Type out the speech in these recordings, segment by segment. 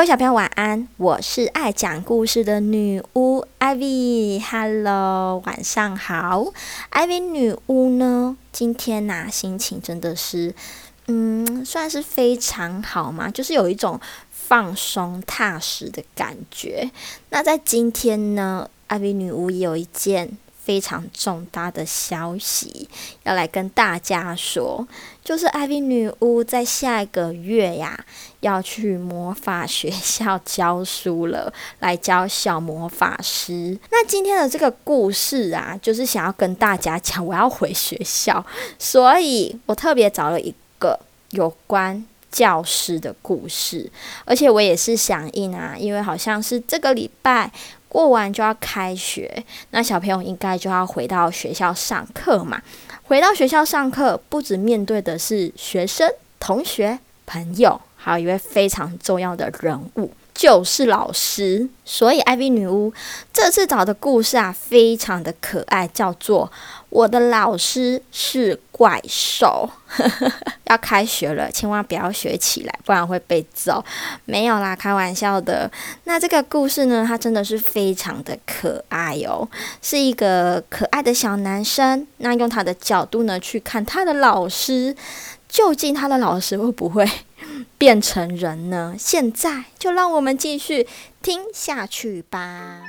各位小朋友晚安，我是愛講故事的女巫艾薇。哈嘍，Hello, 晚上好。艾薇女巫呢，今天吶、啊、心情真的是，嗯，算是非常好嘛，就是有一種放鬆踏實的感覺。那在今天呢，艾薇女巫也有一件。非常重大的消息要來跟大家說，就是艾薇女巫在下一個月呀、啊、要去魔法學校教書了，來教小魔法師。那今天的這個故事啊，就是想要跟大家講，我要回學校，所以我特別找了一個有關教師的故事，而且我也是響應啊，因為好像是這個禮拜。過完就要開學，那小朋友應該就要回到學校上課嘛？回到學校上課，不只面對的是學生、同學、朋友，還有一位非常重要的人物，就是老師，所以 IVY 女巫這次找的故事啊，非常的可愛，叫做《我的老師是怪獸。》 要開學了，千萬不要學起來，不然會被揍。沒有啦，開玩笑的。那這個故事呢，它真的是非常的可愛哦、喔，是一個可愛的小男生。那用他的角度呢，去看他的老師，究竟他的老師會不，不會？ 變成人呢？現在就讓我們繼續聽下去吧。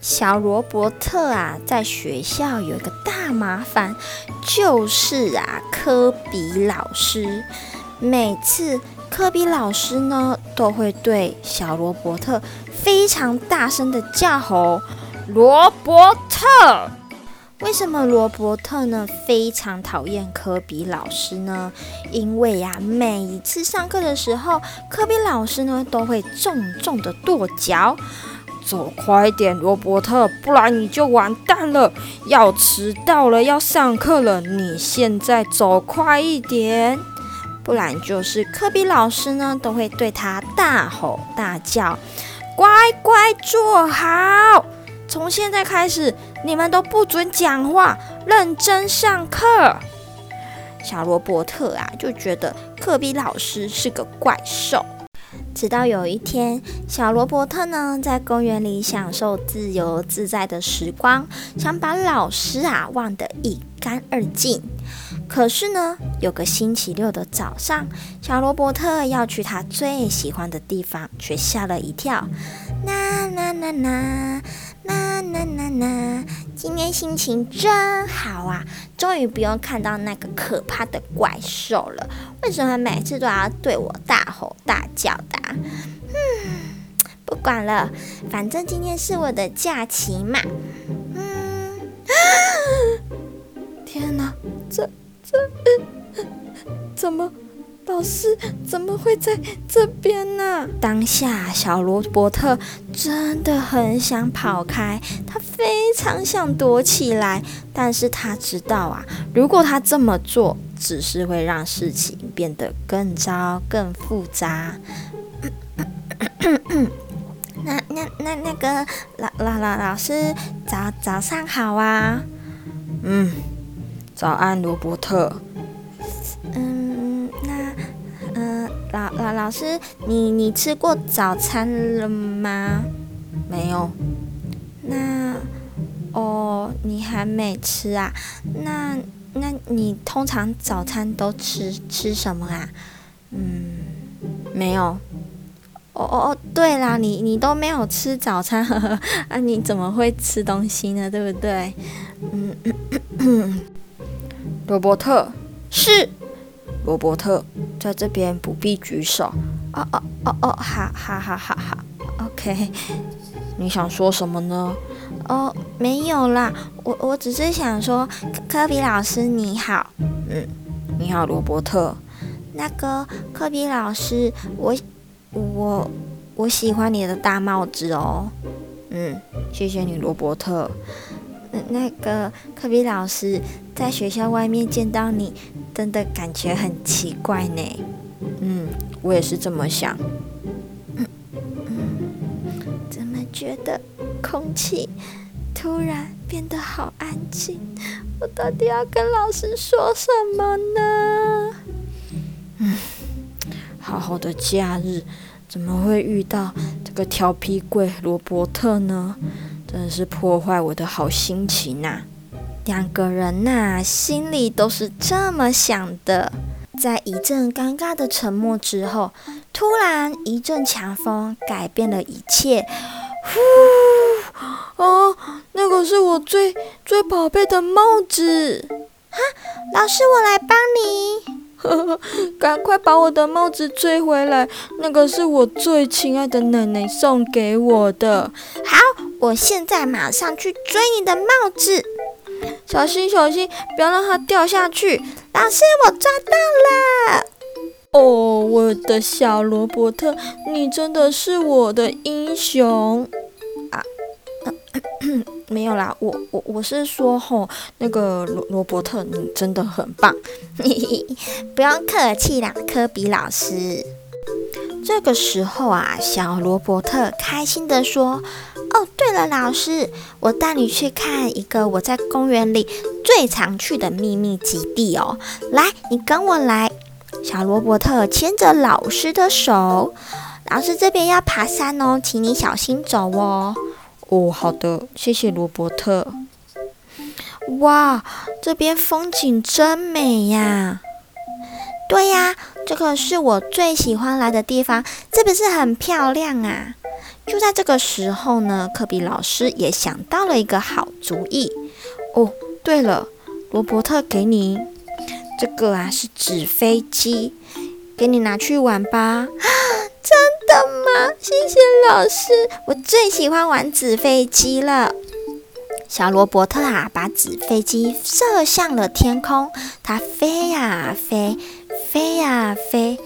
小羅伯特啊，在學校有一個大麻煩，就是啊，柯比老師。每次柯比老師呢都會對小羅伯特非常大聲的叫吼：“羅伯特！”為什麼羅伯特呢非常討厭柯比老師呢？因為呀、啊，每一次上課的時候，柯比老師呢都會重重的跺腳：“走快一點，羅伯特，不然你就完蛋了！要遲到了，要上課了，你現在走快一點！”不然就是柯比老師呢，都會對他大吼大叫：“乖乖坐好，從現在開始你們都不准講話，認真上課。”小羅伯特啊，就覺得柯比老師是個怪獸。直到有一天，小羅伯特呢在公園裡享受自由自在的時光，想把老師啊忘得一乾二淨。可是呢，有個星期六的早上，小羅伯特要去他最喜歡的地方，卻嚇了一跳。啦啦啦啦，啦啦啦啦，今天心情真好啊！終於不用看到那個可怕的怪獸了。為什麼每次都要對我大吼大叫的？嗯，不管了，反正今天是我的假期嘛。嗯，天哪，這。這怎麼？老師怎麼會在這邊呢？啊？當下，小羅伯特真的很想跑開，他非常想躲起來，但是他知道啊，如果他這麼做，只是會讓事情變得更糟，更複雜。 那、那、那、那個老、老、老老師，早早上好啊，嗯。早安，羅伯特。嗯，那，嗯、呃，老老老師，你你吃過早餐了嗎？沒有。那，哦，你還沒吃啊？那，那你通常早餐都吃吃什麼啊？嗯，沒有。哦哦哦，對啦，你你都沒有吃早餐，呵呵，啊，你怎麼會吃東西呢？對不對？嗯。咳咳咳羅伯特是羅伯特，在這邊不必舉手。哦哦哦哦，好好，好好，好，好，好。OK，你想說什麼呢？哦，沒有啦，我我只是想說，科比老師你好。嗯，你好，羅伯特。那個科比老師，我我我喜歡你的大帽子哦。嗯，謝謝你，羅伯特。那個柯比老師在學校外面見到你，真的感覺很奇怪呢。嗯，我也是這麼想嗯。嗯，怎麼覺得空氣突然變得好安靜？我到底要跟老師說什麼呢？嗯，好好的假日，怎麼會遇到這個調皮鬼羅伯特呢？真是破壞我的好心情吶、啊！兩個人吶、啊，心裡都是這麼想的。在一陣尷尬的沉默之後，突然一陣強風改變了一切。呼！啊、哦，那個是我最最寶貝的帽子。哈、啊，老師，我來幫你。呵呵，趕快把我的帽子追回來。那個是我最親愛的奶奶送給我的。好。我現在馬上去追你的帽子。小心小心，不要讓它掉下去。老師，我抓到了！哦，我的小羅伯特，你真的是我的英雄啊，啊咳咳！沒有啦，我我我是說吼、哦，那個羅羅伯特，你真的很棒。 不用客氣啦，柯比老師。這個時候啊，小羅伯特開心地說。哦，對了，老師，我帶你去看一個我在公園裡最常去的秘密基地哦。來，你跟我來。小羅伯特牽着老師的手，老師這邊要爬山哦，請你小心走哦。哦，好的，謝謝羅伯特。哇，這邊風景真美呀！對呀，這個是我最喜歡來的地方，是不是很漂亮啊？就在這個時候呢，柯比老師也想到了一個好主意。哦，對了，羅伯特，給你這個啊，是紙飛機，給你拿去玩吧。啊，真的嗎？謝謝老師，我最喜歡玩紙飛機了。小羅伯特啊，把紙飛機射向了天空，它飛呀飛，飛呀飛。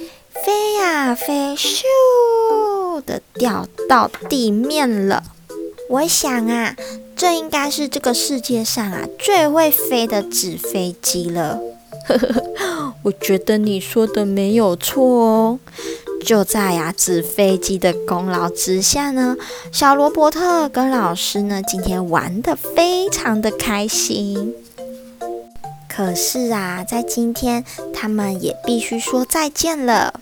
飛呀、啊、飛咻，咻的掉到地面了。我想啊，這應該是這個世界上啊最會飛的紙飛機了。呵呵呵，我覺得你說的沒有錯哦。就在啊紙飛機的功勞之下呢，小羅伯特跟老師呢今天玩的非常的開心。可是啊，在今天他們也必須說再見了。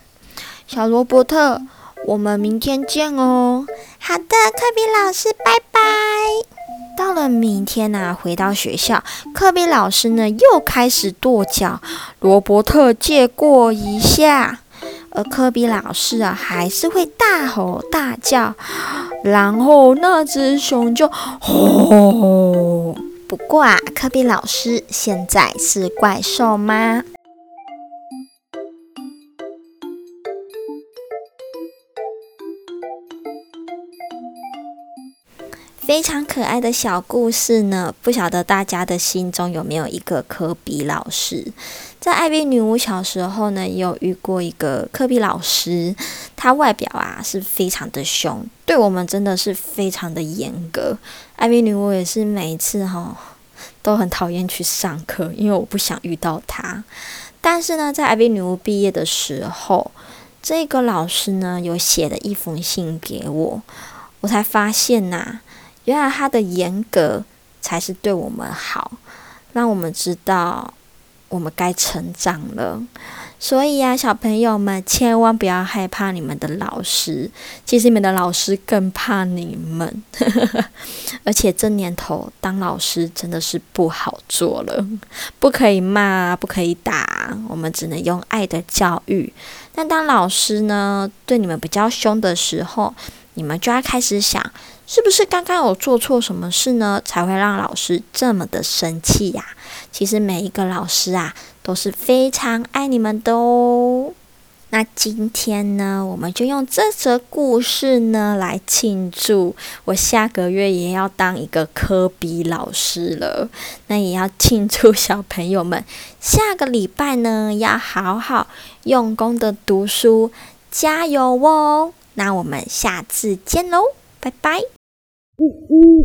小羅伯特，我們明天見哦。好的，柯比老師，拜拜。到了明天呐、啊，回到學校，柯比老師呢又開始跺腳。羅伯特借過一下，而柯比老師啊還是會大吼大叫。然後那隻熊就吼。不過啊，柯比老師現在是怪獸嗎？非常可愛的小故事呢，不曉得大家的心中有沒有一個柯比老師？在艾薇女巫小時候呢，也有遇過一個柯比老師，她外表啊是非常的兇，對我們真的是非常的嚴格。艾薇女巫也是每一次哈都很討厭去上課，因為我不想遇到她。但是呢，在艾薇女巫畢業的時候，這個老師呢有寫了一封信給我，我才發現吶、啊。原來他的嚴格才是對我們好，讓我們知道我們該成長了。所以呀、啊，小朋友們千萬不要害怕你們的老師，其實你們的老師更怕你們。 而且這年頭當老師真的是不好做了，不可以罵，不可以打，我們只能用愛的教育。但當老師呢，對你們比較凶的時候，你們就要開始想。是不是剛剛有做錯什麼事呢，才會讓老師這麼的生氣呀、啊？其實每一個老師啊都是非常愛你們的哦。那今天呢，我們就用這則故事呢來慶祝我下個月也要當一個柯比老師了。那也要慶祝小朋友們下個禮拜呢要好好用功的讀書，加油哦！那我們下次見嘍，拜拜。嗚嗚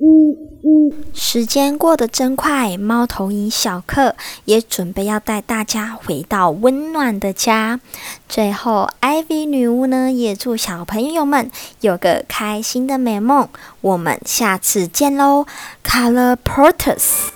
嗚嗚，時間過得真快，貓頭鷹小客也準備要帶大家回到溫暖的家。最後，艾薇女巫呢也祝小朋友們有個開心的美夢。我們下次見嘍，Colloportus。